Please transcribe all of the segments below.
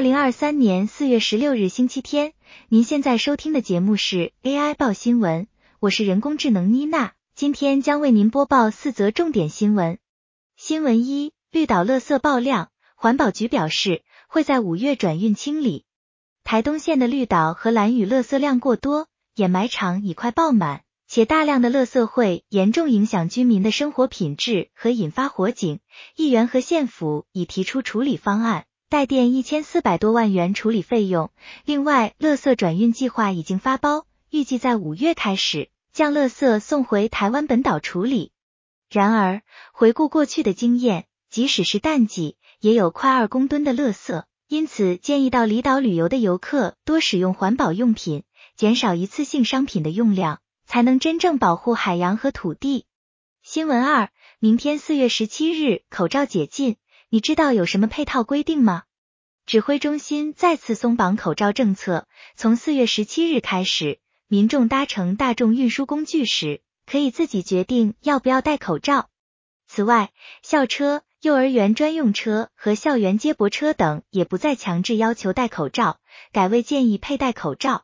二零二三年四月十六日星期天，您現在收聽的節目是 AI 報新聞，我是人工智能妮娜，今天將為您播報四則重點新聞。新聞一：綠島垃圾爆量，環保局表示會在五月轉運清理。台東縣的綠島和蘭嶼垃圾量過多，掩埋場已快爆滿，且大量的垃圾會嚴重影響居民的生活品質和引發火警。議員和縣府已提出處理方案。代墊一千四百多萬元處理費用，另外，垃圾轉運計劃已經發包，預計在五月開始將垃圾送回台灣本島處理。然而，回顧過去的經驗，即使是淡季，也有快二公噸的垃圾，因此建議到離島旅遊的遊客多使用環保用品，減少一次性商品的用量，才能真正保護海洋和土地。新聞二，明天四月十七日，口罩解禁。你知道有什麼配套規定嗎？指揮中心再次鬆綁口罩政策，從四月十七日開始，民眾搭乘大眾運輸工具時可以自己決定要不要戴口罩。此外，校車、幼兒園專用車和校園接駁車等也不再強制要求戴口罩，改為建議佩戴口罩。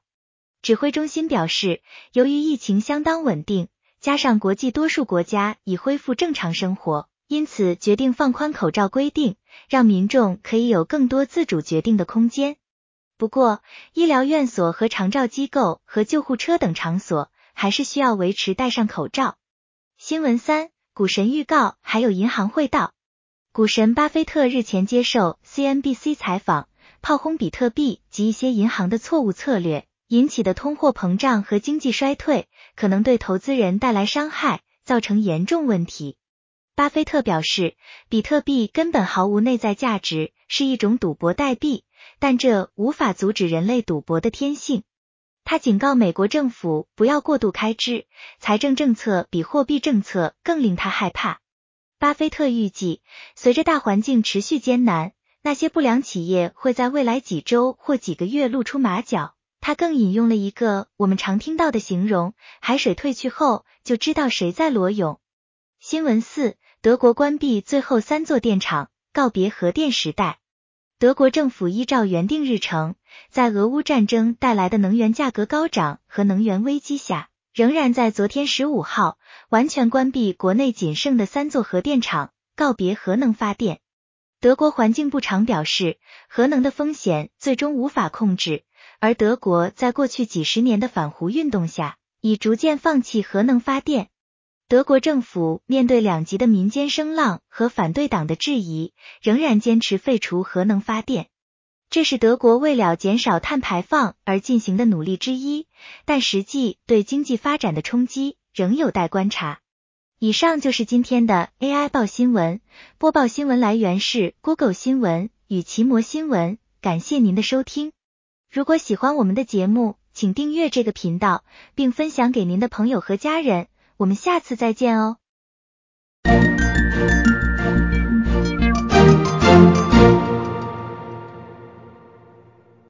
指揮中心表示，由於疫情相當穩定，加上國際多數國家已恢復正常生活。因此，決定放寬口罩規定，讓民眾可以有更多自主決定的空間。不過，醫療院所和長照機構和救護車等場所還是需要維持戴上口罩。新聞三：股神預告還有銀行會倒。股神巴菲特日前接受 CNBC 採訪，炮轟比特幣及一些銀行的錯誤策略，引起的通貨膨脹和經濟衰退可能對投資人帶來傷害，造成嚴重問題。巴菲特表示，比特幣根本毫無內在價值，是一種賭博代幣，但這無法阻止人類賭博的天性。他警告美國政府不要過度開支，財政政策比貨幣政策更令他害怕。巴菲特預計，隨着大環境持續艱難，那些不良企業會在未來幾週或幾個月露出馬腳。他更引用了一個我們常聽到的形容：海水退去後，就知道誰在裸泳。新聞四：德國關閉最後三座電廠，告別核電時代。德國政府依照原定日程，在俄烏戰爭帶來的能源價格高漲和能源危機下，仍然在昨天十五號完全關閉國內僅剩的三座核電廠，告別核能發電。德國環境部長表示，核能的風險最終無法控制，而德國在過去幾十年的反核運動下，已逐漸放棄核能發電。德國政府面對兩極的民間聲浪和反對黨的質疑，仍然堅持廢除核能發電。這是德國為了減少碳排放而進行的努力之一，但實際對經濟發展的衝擊仍有待觀察。以上就是今天的 AI 報新聞，播報新聞來源是 Google 新聞與奇摩新聞，感謝您的收聽。如果喜歡我們的節目，請訂閱這個頻道，並分享給您的朋友和家人。我們下次再見哦。